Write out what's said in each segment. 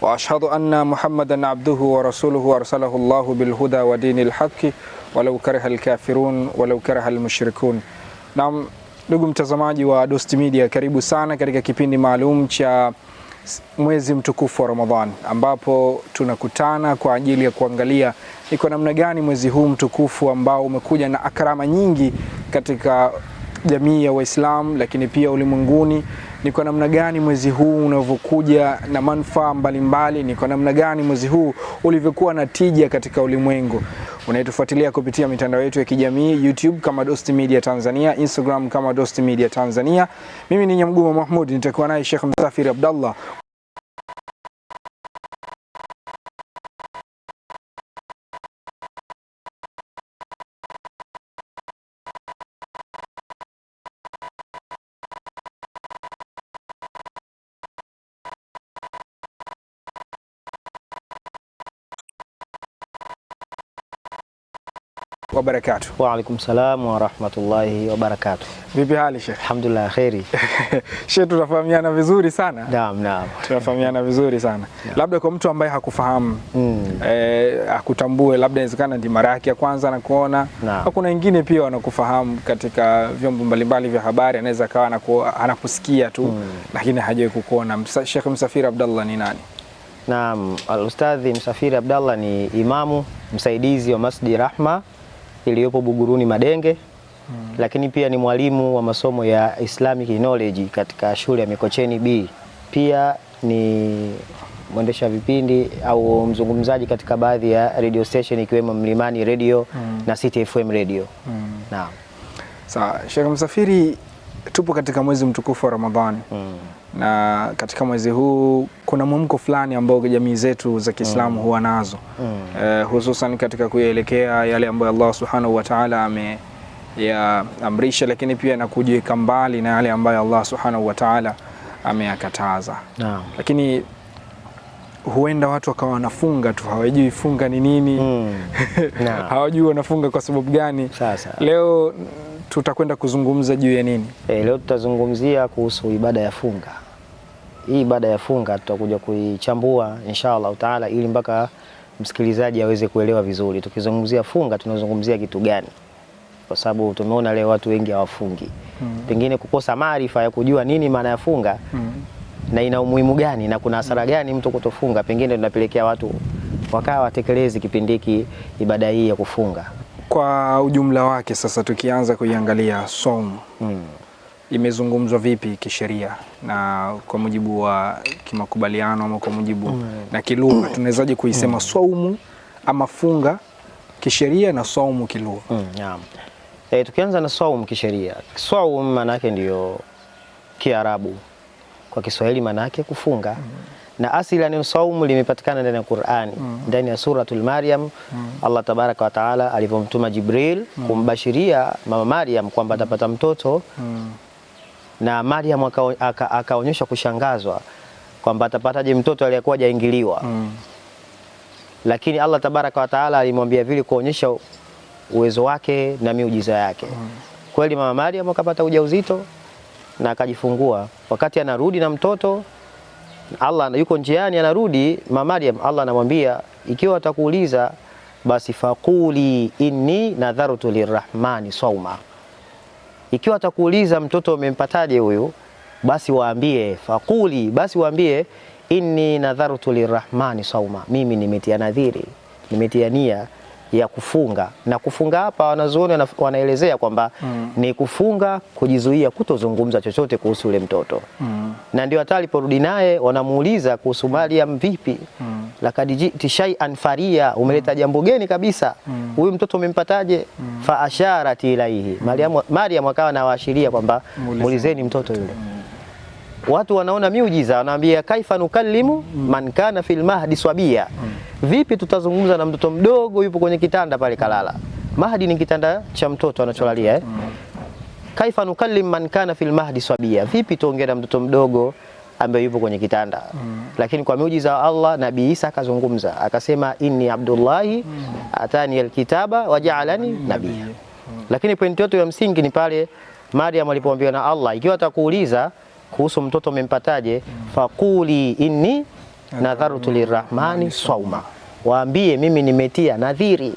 وأشهد أن محمدا عبده ورسوله أرسله الله بالهدى ودين الحق ولو كره الكافرون walau karaha المشركون نعم ndugu mtazamaji wa Dost Media, karibu sana katika kipindi maalum cha mwezi mtukufu wa Ramadhani ambapo tunakutana kwa ajili ya kuangalia ni kwa namna gani mwezi huu mtukufu ambao umekuja na akrama nyingi katika jamii ya Waislamu lakini pia ulimwenguni ni kwa namna gani mwezi huu unavyokuja na manufaa mbalimbali, ni kwa namna gani mwezi huu ulivyokuwa na tija katika ulimwengu. Unayetufuatilia kupitia mitandao yetu ya kijamii YouTube kama Dost Media Tanzania, Instagram kama Dost Media Tanzania. Mimi ni Nyamgumo Mahmud, nitakuwa naye Sheikh Msafiri Abdallah. wabarakatuh. Wa alaikum salam wa rahmatullahi wa barakatuh. Vipi hali Sheikh? Alhamdulillah khairi. Sheikh, tunafahamiana vizuri sana. Naam, naam. Tunafahamiana vizuri sana. Labda kwa mtu ambaye hakufahamu mm. eh, akutambue labda inawezekana ndi mara yake ya kwanza anakuona. Kuna wengine pia wanakufahamu katika vyombo mbalimbali vya habari, anaweza akawa anakusikia tu mm. lakini hajawahi kukuona. Sheikh Msafiri Abdallah ni nani? Naam, Alustadhi Msafiri Abdallah ni imamu msaidizi wa Masjid Rahma iliyopo Buguruni Madenge hmm. Lakini pia ni mwalimu wa masomo ya Islamic Knowledge katika shule ya Mikocheni B. Pia ni mwendesha vipindi au mzungumzaji katika baadhi ya radio station ikiwemo Mlimani Radio hmm. na City FM Radio hmm. Naam. Sawa, Sheikh Msafiri, tupo katika mwezi mtukufu wa Ramadhani hmm na katika mwezi huu kuna mwamko fulani ambao jamii zetu za Kiislamu mm. huwa nazo mm. E, hususan katika kuyaelekea yale ambayo Allah Subhanahu wa Ta'ala ameyaamrisha, lakini pia na kujiweka mbali na yale ambayo Allah Subhanahu wa Ta'ala ameyakataza no. Lakini huenda watu wakawa wanafunga tu hawajui funga ni nini mm. no. hawajui wanafunga kwa sababu gani. Sasa leo tutakwenda kuzungumza juu ya nini? E, leo tutazungumzia kuhusu ibada ya funga. Hii ibada ya funga tutakuja kuichambua inshallah taala, ili mpaka msikilizaji aweze kuelewa vizuri. Tukizungumzia funga tunazungumzia kitu gani? Kwa sababu tumeona leo watu wengi hawafungi hmm. pengine kukosa maarifa ya kujua nini maana ya funga hmm. na ina umuhimu gani na kuna hasara gani mtu kutofunga, pengine tunapelekea watu wakawa watekelezi kipindi hiki ibada hii ya kufunga kwa ujumla wake. Sasa tukianza kuiangalia swaum mm. imezungumzwa vipi kisheria na kwa mujibu wa kimakubaliano ama kwa mujibu mm. na kilugha tunawezaje kuisema mm. swaumu ama funga kisheria na swaumu kilugha mm. yeah. E, tukianza na swaumu kisheria, swaumu maana yake ndiyo Kiarabu, kwa Kiswahili maana yake kufunga mm na asili ya saumu limepatikana ndani ya Qur'ani mm. ndani ya suratul Maryam mm. Allah tabaraka wa taala alivyomtuma Jibril mm. kumbashiria mama Maryam kwamba mm. atapata mtoto mm. na Maryam akaonyesha aka kushangazwa kwamba atapataje mtoto aliyekuwa hajaingiliwa mm. lakini Allah tabaraka wa taala alimwambia vile kuonyesha uwezo wake na miujiza yake mm. kweli mama Maryam akapata ujauzito na akajifungua wakati anarudi na mtoto Allah yuko njiani anarudi, mama Maryam, Allah anamwambia ikiwa atakuuliza basi faquli inni nadhartu lirrahmani sauma. Ikiwa atakuuliza mtoto umempataje huyu, basi waambie faquli, basi waambie inni nadhartu lirrahmani sauma, mimi nimetia nadhiri, nimetia nia ya kufunga na kufunga hapa wanazuoni wanaelezea kwamba mm. ni kufunga kujizuia kutozungumza chochote kuhusu yule mtoto mm. na ndio hata aliporudi naye wanamuuliza kuhusu Mariam, vipi mm. lakad jiti shay'an faria, umeleta mm. jambo geni kabisa mm. huyu mm. mtoto umempataje? mm. fa asharat ilaihi Mariam, Mariam akawa anawaashiria kwamba muulizeni mtoto yule mm watu wanaona miujiza, wanaambia kaifa nukallimu man kana fil mahdi swabia, vipi tutazungumza na mtoto mdogo yupo kwenye kitanda pale kalala. Mahdi ni kitanda cha mtoto anacholalia eh? Kaifa nukallim man kana fil mahdi swabia, vipi tuongee na mtoto mdogo ambaye yupo kwenye kitanda mm. Lakini kwa miujiza wa Allah Nabii Isa akazungumza akasema, inni abdullahi mm. atani alkitaba wajaalani mm. nabia mm. Lakini pointi yote ya msingi ni pale Maryam alipoambiwa na Allah, ikiwa atakuuliza kuhusu mtoto umempataje? Fakuli inni nadharutu lirahmani sauma, waambie mimi nimetia nadhiri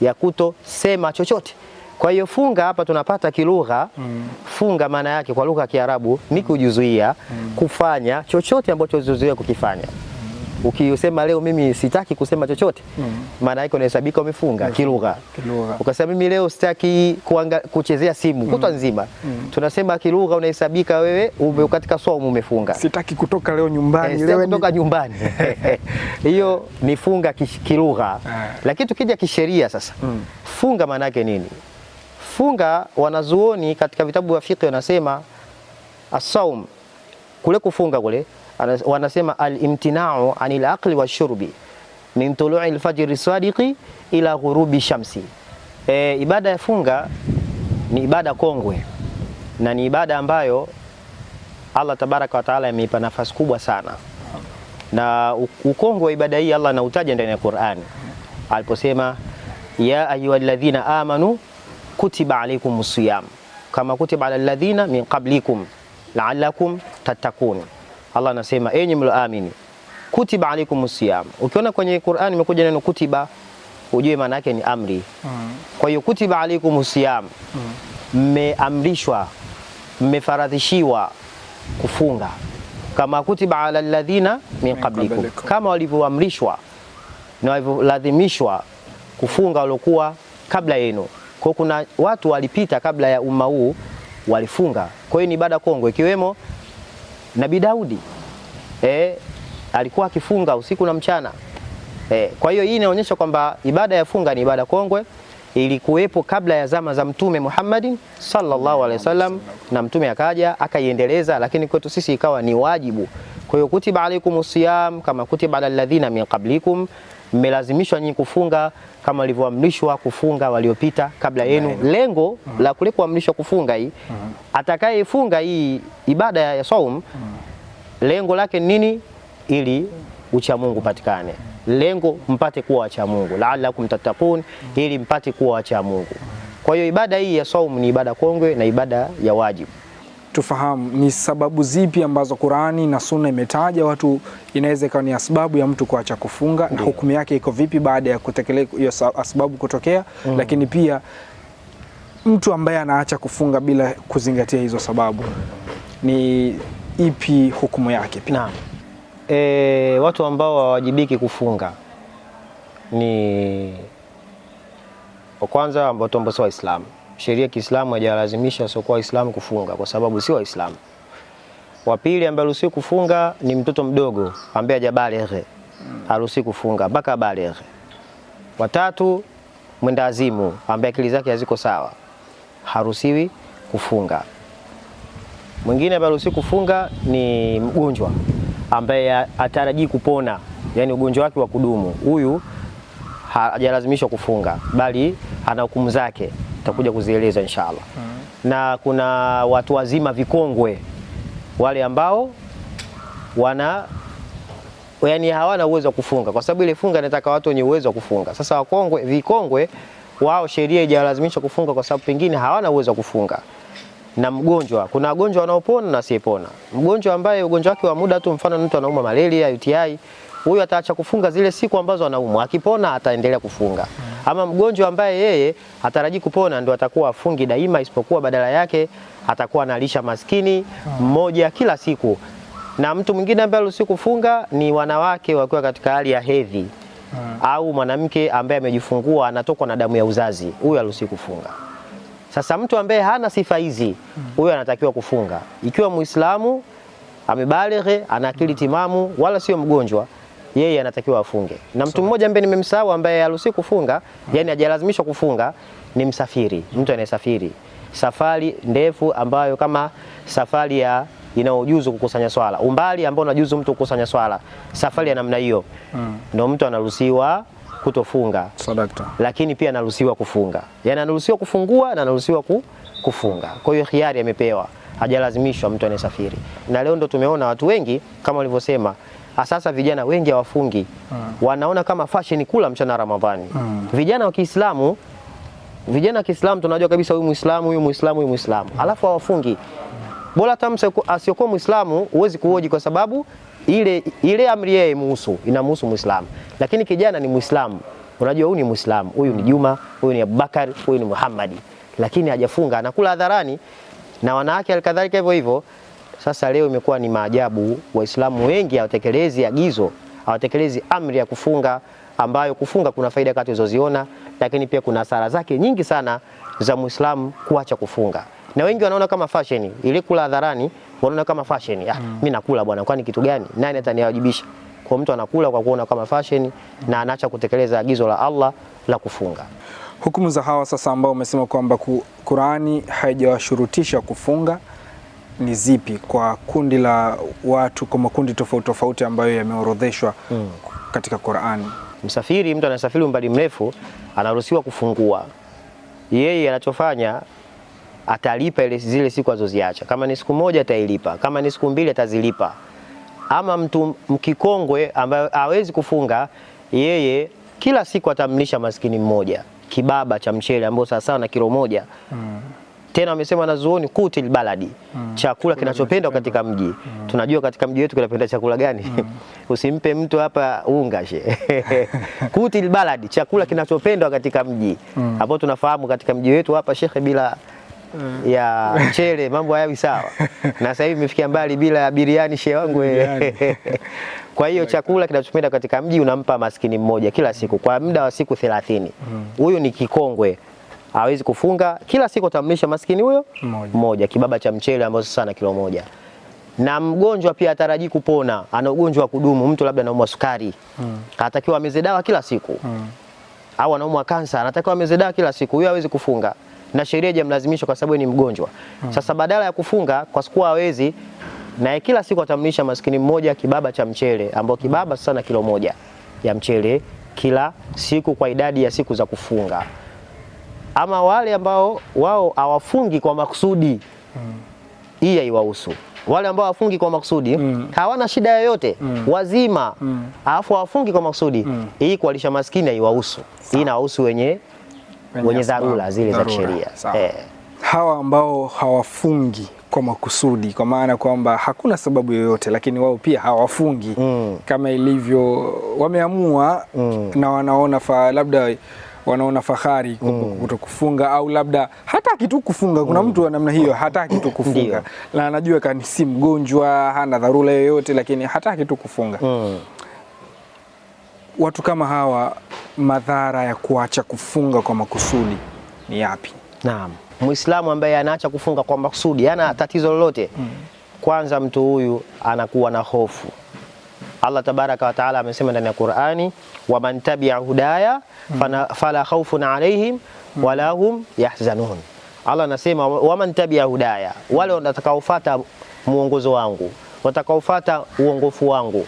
ya kutosema chochote. Kwa hiyo funga hapa tunapata kilugha mm. Funga maana yake kwa lugha ya Kiarabu ni kujuzuia mm. kufanya chochote ambacho uzuia kukifanya. Ukisema leo mimi sitaki kusema chochote, mm. maana yake unahesabika umefunga kilugha. Ukasema mimi leo sitaki kuchezea simu mm. kutwa nzima, mm. tunasema kilugha unahesabika wewe ume katika somo umefunga. Sitaki kutoka leo nyumbani, eh, leo kutoka nyumbani, hiyo ni funga kilugha. Eh. Lakini tukija kisheria sasa, funga maana yake nini? Funga wanazuoni katika vitabu vya fiqh wanasema asaum, kule kufunga kule wanasema alimtinau anil aqli washurbi min tului lfajri sadiqi ila ghurubi shamsi. E, ibada ya funga ni ibada kongwe na ni ibada ambayo Allah tabaraka wa taala ameipa nafasi kubwa sana, na ukongwe wa ibada hii Allah anautaja ndani ya Qur'ani aliposema, ya ayyuhalladhina amanu kutiba alaykumus siyam kama kutiba alal ladhina min qablikum la'allakum tattaqun Allah anasema enyi mlioamini, kutiba alaikum siyam. Ukiona kwenye Qur'an imekuja neno kutiba, ujue maana yake ni amri. Mm. Kwa hiyo kutiba alaikum siyam, mm. mmeamrishwa, mm. mmefaradhishiwa kufunga kama kutiba ala alladhina min qablikum, kama walivyoamrishwa na walivyolazimishwa kufunga waliokuwa kabla yenu. Kwa kuna watu walipita kabla ya umma huu walifunga, kwa hiyo ni ibada kongwe ikiwemo Nabii Daudi eh, alikuwa akifunga usiku na mchana eh. Kwa hiyo hii inaonyesha kwamba ibada ya funga ni ibada kongwe, ilikuwepo kabla ya zama za Mtume Muhammad sallallahu alaihi wasallam, na Mtume akaja akaiendeleza, lakini kwetu sisi ikawa ni wajibu. Kwa hiyo kutiba alaikumus siyam kama kutiba ala alladhina min qablikum mmelazimishwa nyinyi kufunga kama walivyoamrishwa kufunga waliopita kabla yenu. Lengo mm. la kule kuamrishwa kufunga hii mm. atakayefunga hii ibada ya saum mm. lengo lake nini? Ili ucha Mungu patikane, lengo mpate kuwa wacha Mungu, laalakum tattaqun, ili mpate kuwa wacha Mungu. Kwa hiyo ibada hii ya saum ni ibada kongwe na ibada ya wajibu tufahamu ni sababu zipi ambazo Qur'ani na Sunna imetaja watu, inaweza ikawa ni sababu ya mtu kuacha kufunga Ndiyo. na hukumu yake iko vipi baada ya kutekeleza hiyo sababu kutokea mm. Lakini pia mtu ambaye anaacha kufunga bila kuzingatia hizo sababu ni ipi hukumu yake? Pia Na, e, watu ambao hawajibiki kufunga ni wa kwanza ambao ambao sio Waislamu sheria ya Kiislamu haijalazimisha wasiokuwa Waislamu kufunga kwa sababu si Waislamu. Wa pili ambaye haruhusiwi kufunga ni mtoto mdogo ambaye hajabalighe, haruhusiwi kufunga mpaka abalighe. Watatu, mwenda azimu ambaye akili zake haziko sawa, haruhusiwi kufunga. Mwingine ambaye haruhusiwi kufunga ni mgonjwa ambaye atarajii kupona, yani ugonjwa wake wa kudumu, huyu hajalazimishwa kufunga, bali ana hukumu zake tutakuja kuzieleza inshallah. Hmm. Na kuna watu wazima vikongwe wale ambao wana yani hawana uwezo wa kufunga, kwa sababu ile funga inataka watu wenye uwezo wa kufunga. Sasa wakongwe, vikongwe wao sheria haijalazimisha kufunga, kwa sababu pengine hawana uwezo wa kufunga. Na mgonjwa, kuna wagonjwa wanaopona na asiyepona. Mgonjwa ambaye ugonjwa wake wa muda tu, mfano mtu anauma malaria, UTI, huyu ataacha kufunga zile siku ambazo anaumwa, akipona ataendelea kufunga. Hmm ama mgonjwa ambaye yeye atarajii kupona ndo atakuwa afungi daima, isipokuwa badala yake atakuwa analisha maskini mmoja kila siku. Na mtu mwingine ambaye aruhusi kufunga ni wanawake wakiwa katika hali ya hedhi hmm. au mwanamke ambaye amejifungua anatokwa na damu ya uzazi, huyu aruhusi kufunga. Sasa mtu ambaye hana sifa hizi hmm. huyo anatakiwa kufunga, ikiwa Muislamu amebalehe ana akili hmm. timamu, wala sio mgonjwa yeye anatakiwa afunge. Na mtu mmoja ambaye nimemsahau ambaye haruhusi kufunga, yani hajalazimishwa kufunga ni msafiri, mtu anayesafiri safari ndefu ambayo kama safari ya inaojuzu kukusanya swala, umbali ambao unajuzu mtu kukusanya swala, safari ya namna hiyo mm. ndio mtu anaruhusiwa kutofunga sadaka, lakini pia anaruhusiwa kufunga, yani anaruhusiwa kufungua na anaruhusiwa ku, kufunga. Kwa hiyo hiari amepewa, hajalazimishwa mtu anayesafiri. Na leo ndo tumeona watu wengi kama walivyosema sasa vijana wengi hawafungi mm. wanaona kama fashion kula mchana Ramadhani mm. vijana wa Kiislamu vijana wa Kiislamu tunajua kabisa huyu Muislamu huyu Muislamu huyu Muislamu mm. alafu hawafungi bora hata asiyokuwa Muislamu huwezi kuoji kwa sababu ile, ile amri yeye muhusu inamhusu Muislamu, lakini kijana ni Muislamu, unajua huyu ni Muislamu, huyu ni Juma, huyu ni Abubakar, huyu ni Muhammad, lakini hajafunga anakula hadharani na wanawake alikadhalika hivyo hivyo. Sasa leo imekuwa ni maajabu, Waislamu wengi hawatekelezi agizo, hawatekelezi amri ya kufunga, ambayo kufunga kuna faida kati zoziona, lakini pia kuna hasara zake nyingi sana za Muislamu kuacha kufunga na wengi wanaona kama fashion ile kula hadharani, wanaona kama fashion. Ah, mm. Mimi nakula bwana, kwani kitu gani? Nani ataniwajibisha? Kwa mtu anakula kwa kuona kama fashion na anaacha kutekeleza agizo la Allah la kufunga. Hukumu za hawa sasa ambao umesema kwamba Qur'ani haijawashurutisha kufunga ni zipi kwa kundi la watu kwa makundi tofauti tofauti ambayo yameorodheshwa mm. katika Qur'ani? Msafiri, mtu anasafiri umbali mrefu, anaruhusiwa kufungua. Yeye anachofanya atalipa ile zile siku azoziacha. Kama ni siku moja atailipa, kama ni siku mbili atazilipa. Ama mtu mkikongwe ambaye hawezi kufunga, yeye kila siku atamlisha maskini mmoja kibaba cha mchele ambao sawa na kilo moja mm. Tena wamesema na zuoni kutil baladi, mm. chakula kinachopendwa katika mji mm. tunajua katika mji wetu kinapenda chakula gani? mm. usimpe mtu hapa unga she kutil baladi, chakula mm. kinachopendwa katika mji mm. ambao tunafahamu katika mji wetu hapa shekhe, bila mm. ya mchele mambo hayawi sawa, na sasa hivi imefikia mbali bila ya biriani she wangu Kwa hiyo chakula kinachopenda katika mji unampa maskini mmoja kila siku kwa muda wa siku 30. Mm. Huyu mm. ni kikongwe hawezi kufunga, kila siku atamlisha maskini huyo mmoja kibaba cha mchele ambao sasa na kilo moja na mgonjwa pia ataraji kupona, ana ugonjwa wa kudumu. Mtu labda anaumwa sukari mm. anatakiwa ameze dawa kila siku mm. au anaumwa kansa, anatakiwa ameze dawa kila siku. Huyo hawezi kufunga na sheria haijamlazimisha kwa sababu ni mgonjwa mm. Sasa badala ya kufunga kwa kuwa hawezi, naye kila siku atamlisha maskini mmoja kibaba cha mchele, ambao hmm. kibaba sasa na kilo moja ya mchele kila siku kwa idadi ya siku za kufunga ama wale ambao wao hawafungi kwa makusudi mm. hii haiwahusu wale ambao hawafungi kwa makusudi mm. hawana shida yoyote mm. wazima mm. alafu hawafungi kwa makusudi mm. hii kuwalisha maskini haiwahusu hii inawahusu wenye wenye dharura zile za kisheria eh. hawa ambao hawafungi kwa makusudi kwa maana kwamba hakuna sababu yoyote, lakini wao pia hawafungi mm. kama ilivyo wameamua mm. na wanaona fa labda wanaona fahari kuto mm. au labda hataki tu kufunga. Kuna mm. mtu wa namna hiyo hataki tu kufunga na anajua kani si mgonjwa, hana dharura yoyote, lakini hataki tu kufunga mm. Watu kama hawa, madhara ya kuacha kufunga kwa makusudi ni yapi? Naam, Muislamu ambaye anaacha kufunga kwa makusudi hana tatizo lolote mm. Kwanza mtu huyu anakuwa na hofu Allah tabaraka wa taala amesema ndani ya Qur'ani, waman tabia hudaya fala khawfun alaihim mm. wala hum yahzanun. Allah anasema waman tabia hudaya, wale watakaofuata muongozo wangu, watakaofuata uongofu wangu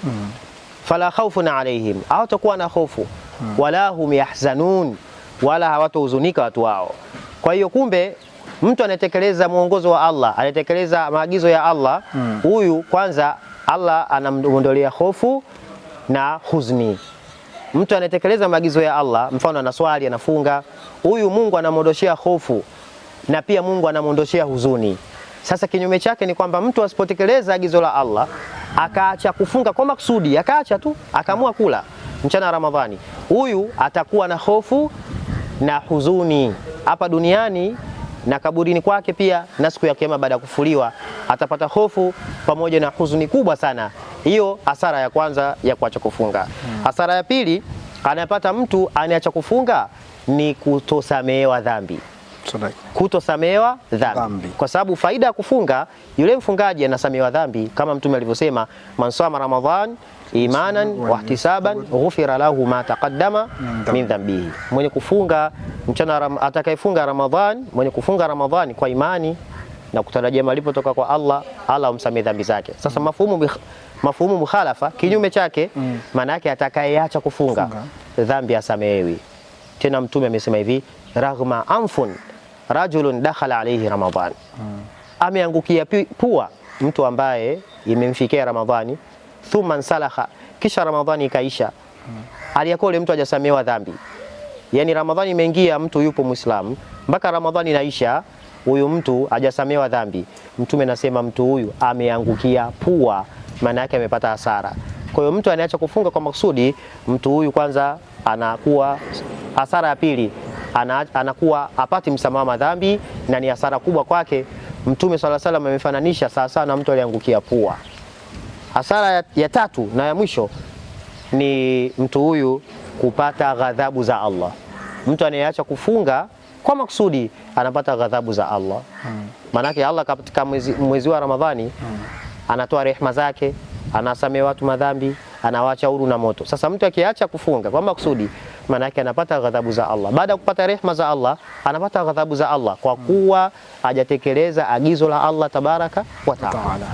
fala khawfun alaihim, hawatakuwa na hofu mm. wala hum yahzanun, wala hawatohuzunika watu wao. Kwa hiyo kumbe mtu anatekeleza mwongozo wa Allah, anatekeleza maagizo ya Allah huyu mm. kwanza Allah anamondolea hofu na huzuni. Mtu anatekeleza maagizo ya Allah, mfano anaswali, anafunga, huyu Mungu anamwondoshea hofu na pia Mungu anamwondoshea huzuni. Sasa kinyume chake ni kwamba mtu asipotekeleza agizo la Allah akaacha kufunga kwa maksudi, akaacha tu, akaamua kula mchana wa Ramadhani, huyu atakuwa na hofu na huzuni hapa duniani na kaburini kwake pia na siku ya Kiyama baada ya kufuliwa atapata hofu pamoja na huzuni kubwa sana. Hiyo hasara ya kwanza ya kuacha kufunga. Hmm. Hasara ya pili anapata mtu anayeacha kufunga ni kutosamehewa dhambi kutosamehewa dhambi. Dhambi kwa sababu faida ya kufunga, yule mfungaji anasamehewa dhambi kama Mtume alivyosema, man sama ramadhan imanan wahtisaban ghufira lahu ma taqaddama min dhambihi, mwenye kufunga mchana, atakayefunga Ramadhan, mwenye kufunga Ramadhan kwa imani na kutarajia malipo toka kwa Allah, Allah umsamehe dhambi zake. Sasa mm. mafumu mafumu mukhalafa kinyume chake, mm. maana yake atakayeacha kufunga dhambi asamehewi. Tena Mtume amesema hivi, raghma anfun rajulun dakhala alayhi Ramadhan, mm. ameangukia pua mtu ambaye imemfikia Ramadhani, thumma nsalaha, kisha Ramadhani ikaisha, aliyakole mtu hajasamehewa dhambi. Yani Ramadhani imeingia, mtu yupo Muislamu mpaka Ramadhani inaisha huyu mtu hajasamewa dhambi. Mtume nasema mtu huyu ameangukia pua, maana yake amepata hasara. Kwa hiyo mtu anayeacha kufunga kwa makusudi, mtu huyu kwanza anakuwa hasara ya pili, ana, anakuwa apati msamaha madhambi na ni hasara kubwa kwake. Mtume swalla salam amefananisha sawa sawa na mtu aliangukia pua. Hasara ya, ya tatu na ya mwisho ni mtu huyu kupata ghadhabu za Allah. Mtu anayeacha kufunga kwa makusudi anapata ghadhabu za Allah hmm. Maanake Allah katika mwezi, mwezi wa Ramadhani hmm. anatoa rehema zake, anasamea watu madhambi, anawacha huru na moto. Sasa mtu akiacha kufunga kwa makusudi, maanake anapata ghadhabu za Allah. Baada ya kupata rehema za Allah, anapata ghadhabu za Allah kwa kuwa hajatekeleza agizo la Allah tabaraka wa taala.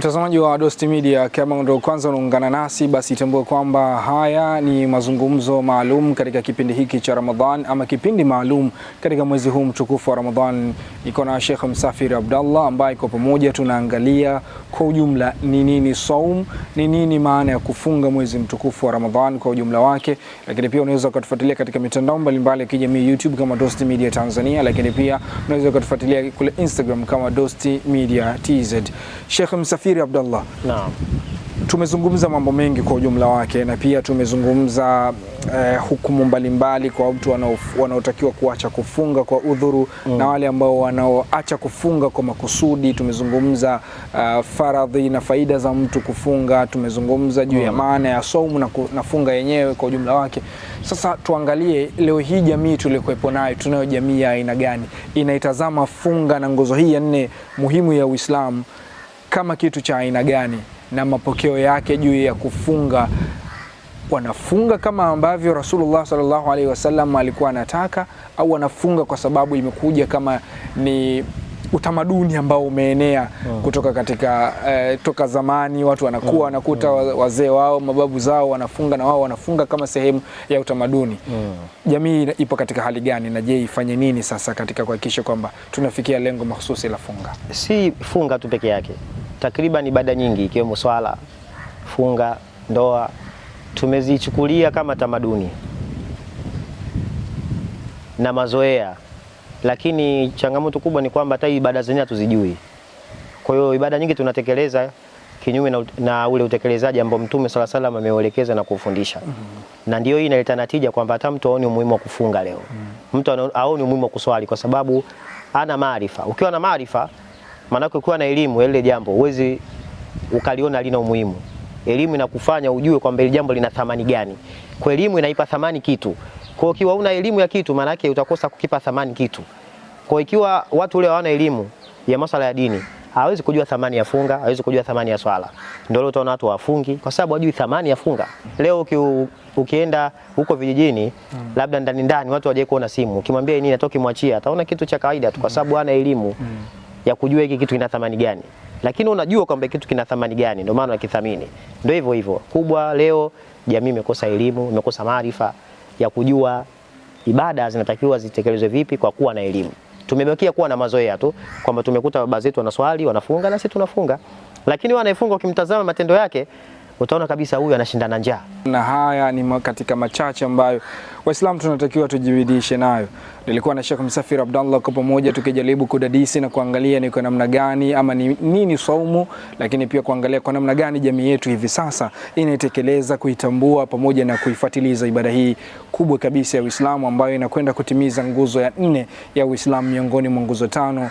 Mtazamaji wa Dost Media, kama ndio kwanza unaungana nasi, basi tambua kwamba haya ni mazungumzo maalum katika kipindi hiki cha Ramadhan ama kipindi maalum katika mwezi huu mtukufu wa Ramadhan. Iko na Sheikh Msafiri Abdallah ambaye kwa pamoja tunaangalia kwa ujumla ni nini saum, ni nini maana ya kufunga mwezi mtukufu wa Ramadhan kwa ujumla wake, lakini pia unaweza ukatufuatilia katika mitandao mbalimbali ya kijamii YouTube kama Dost Media Tanzania, lakini pia unaweza ukatufuatilia kule Instagram kama Dost Media TZ. Sheikh Msafiri Nafikiri Abdallah, naam, tumezungumza mambo mengi kwa ujumla wake na pia tumezungumza eh, hukumu mbalimbali kwa mtu wanaotakiwa kuacha kufunga kwa udhuru mm. na wale ambao wanaoacha kufunga kwa makusudi. Tumezungumza uh, faradhi na faida za mtu kufunga. Tumezungumza juu ya mm. maana ya saumu na, na funga yenyewe kwa ujumla wake. Sasa tuangalie leo hii jamii tuliokuwepo nayo, tunayo jamii ya aina gani inaitazama funga na nguzo hii ya nne muhimu ya Uislamu kama kitu cha aina gani na mapokeo yake juu ya kufunga wanafunga kama ambavyo Rasulullah sallallahu alaihi wasallam alikuwa anataka, au wanafunga kwa sababu imekuja kama ni utamaduni ambao umeenea hmm. kutoka katika eh, toka zamani watu wanakuwa mm. wanakuta hmm. wazee wao mababu zao wanafunga na wao wanafunga kama sehemu ya utamaduni hmm. Jamii ipo katika hali gani, na je, ifanye nini sasa katika kuhakikisha kwamba tunafikia lengo mahususi la funga? Si funga tu peke yake takriban ibada nyingi ikiwemo swala, funga, ndoa tumezichukulia kama tamaduni na mazoea, lakini changamoto kubwa ni kwamba hata ibada zenyewe hatuzijui. Kwa hiyo ibada nyingi tunatekeleza kinyume na, na ule utekelezaji ambao Mtume sala salam ameuelekeza na kufundisha mm -hmm. na ndio hii inaleta natija kwamba hata mtu aone umuhimu wa kufunga leo mm -hmm. mtu aone umuhimu wa kuswali kwa sababu ana maarifa. Ukiwa na maarifa Maanake ukiwa na elimu ile jambo huwezi ukaliona lina umuhimu. Elimu inakufanya ujue kwamba ile jambo lina thamani gani. Kwa elimu inaipa thamani kitu. Kwa hiyo ukiwa una elimu ya kitu, maana yake utakosa kukipa thamani kitu. Kwa hiyo ikiwa watu wale hawana elimu ya masuala ya dini, hawezi kujua thamani ya funga, hawezi kujua thamani ya swala. Ndio leo utaona watu wafungi kwa sababu hawajui thamani ya funga. Leo uki, ukienda huko vijijini mm. labda ndani ndani watu hawajawahi kuona simu. Ukimwambia nini atoki mwachia, ataona kitu cha kawaida tu kwa sababu hana elimu. Mm ya kujua hiki kitu kina thamani gani, lakini unajua kwamba kitu kina thamani gani, ndio maana unakithamini. Ndio hivyo hivyo kubwa. Leo jamii imekosa elimu, imekosa maarifa ya kujua ibada zinatakiwa zitekelezwe vipi kwa kuwa na elimu. Tumebakia kuwa na mazoea tu kwamba tumekuta baba zetu wanaswali, wanafunga, na sisi tunafunga, lakini wanaefunga ukimtazama matendo yake utaona kabisa huyu anashindana njaa. Na haya ni katika machache ambayo Waislamu tunatakiwa tujibidishe nayo. Nilikuwa na Sheikh Msafiri Abdallah kwa pamoja tukijaribu kudadisi na kuangalia ni kwa namna gani ama ni nini saumu, lakini pia kuangalia kwa namna gani jamii yetu hivi sasa inaitekeleza, kuitambua pamoja na kuifuatiliza ibada hii kubwa kabisa ya Uislamu ambayo inakwenda kutimiza nguzo ya nne ya Uislamu miongoni mwa nguzo tano